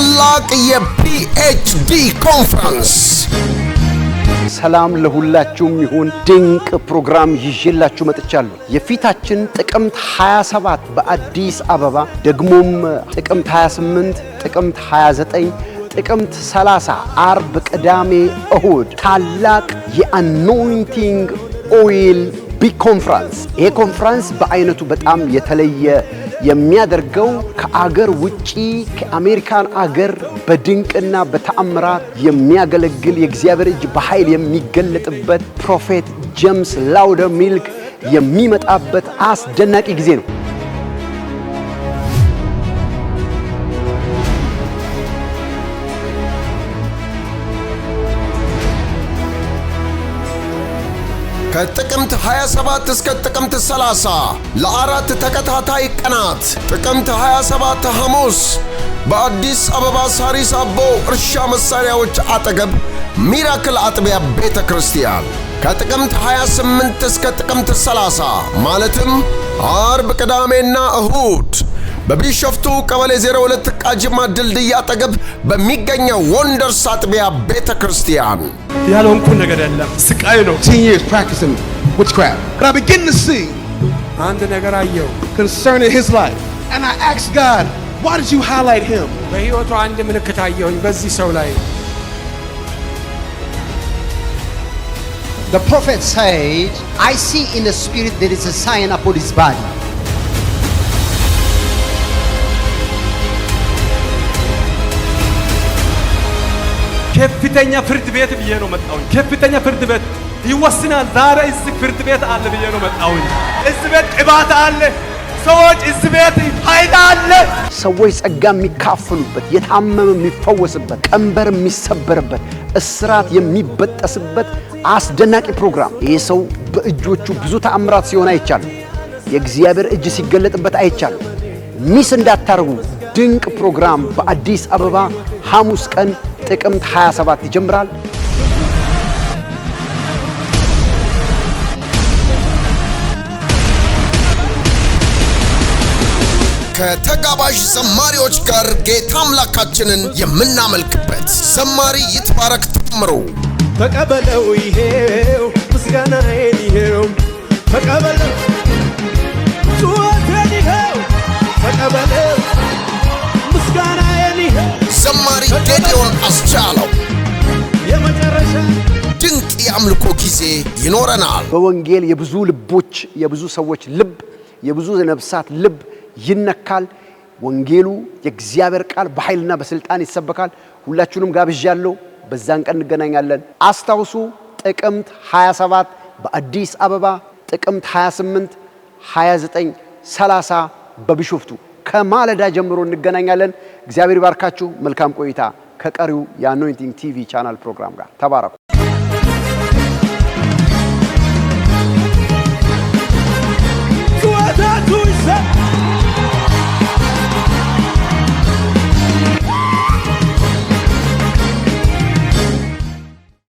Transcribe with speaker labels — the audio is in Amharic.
Speaker 1: ታላቅ የፒኤችዲ ኮንፈረንስ ሰላም ለሁላችሁም ይሁን። ድንቅ ፕሮግራም ይዤላችሁ መጥቻለሁ። የፊታችን ጥቅምት 27 በአዲስ አበባ ደግሞም ጥቅምት 28፣ ጥቅምት 29 ጥቅምት 30 አርብ፣ ቅዳሜ፣ እሁድ ታላቅ የአኖይንቲንግ ኦይል ቢግ ኮንፍራንስ። ይሄ ኮንፍራንስ በአይነቱ በጣም የተለየ የሚያደርገው ከአገር ውጪ ከአሜሪካን አገር በድንቅና በተአምራት የሚያገለግል የእግዚአብሔር እጅ በኃይል የሚገለጥበት ፕሮፌት ጄምስ ላውደር ሚልክ የሚመጣበት አስደናቂ ጊዜ ነው። ከጥቅምት 27 እስከ ጥቅምት 30 ለአራት ተከታታይ ቀናት ጥቅምት 27 ሐሙስ በአዲስ አበባ ሳሪስ አቦ እርሻ መሳሪያዎች አጠገብ ሚራክል አጥቢያ ቤተ ክርስቲያን ከጥቅምት 28 እስከ ጥቅምት 30 ማለትም አርብ፣ ቅዳሜና እሁድ በቢሾፍቱ ቀበሌ 02 ቃጂማ ድልድይ አጠገብ በሚገኘው ወንደርስ አጥቢያ ቤተ ክርስቲያን
Speaker 2: ያልሆንኩ ነገር የለም። ስቃይ ነው።
Speaker 3: አንድ ነገር አየሁ
Speaker 4: በሕይወቱ አንድ ምልክት አየሁኝ በዚህ ሰው ላይ
Speaker 5: The prophet said, I see in the spirit there is a sign upon his body.
Speaker 6: ከፍተኛ ፍርድ ቤት ብዬ ነው መጣሁኝ። ከፍተኛ ፍርድ ቤት ይወስናል። ዛሬ እዚህ ፍርድ ቤት አለ ብዬ ነው መጣሁኝ። እዚህ ቤት ቅባት አለ። ሰዎች እዚህ ቤት ኃይል አለ።
Speaker 1: ሰዎች ጸጋ የሚካፈሉበት፣ የታመመ የሚፈወስበት፣ ቀንበር የሚሰበርበት፣ እስራት የሚበጠስበት አስደናቂ ፕሮግራም። ይሄ ሰው በእጆቹ ብዙ ተአምራት ሲሆን አይቻልም የእግዚአብሔር እጅ ሲገለጥበት አይቻልም። ሚስ እንዳታርጉ ድንቅ ፕሮግራም በአዲስ አበባ ሐሙስ ቀን ጥቅምት 27 ይጀምራል። ከተጋባዥ ዘማሪዎች ጋር ጌታ አምላካችንን የምናመልክበት ዘማሪ ይትባረክ ታምሩ
Speaker 7: ተቀበለው ይሄው ምስጋና ይሄው
Speaker 1: አስቻለው። የመጨረሻ ድንቅ የአምልኮ ጊዜ ይኖረናል። በወንጌል የብዙ ልቦች የብዙ ሰዎች ልብ የብዙ ነፍሳት ልብ ይነካል። ወንጌሉ የእግዚአብሔር ቃል በኃይልና በስልጣን ይሰበካል። ሁላችሁንም ጋብዣለሁ። በዛን ቀን እንገናኛለን። አስታውሱ፣ ጥቅምት 27 በአዲስ አበባ፣ ጥቅምት 28፣ 29፣ 30 በቢሾፍቱ ከማለዳ ጀምሮ እንገናኛለን። እግዚአብሔር ይባርካችሁ። መልካም ቆይታ ከቀሪው የአኖይንቲንግ ቲቪ ቻናል ፕሮግራም ጋር ተባረኩ።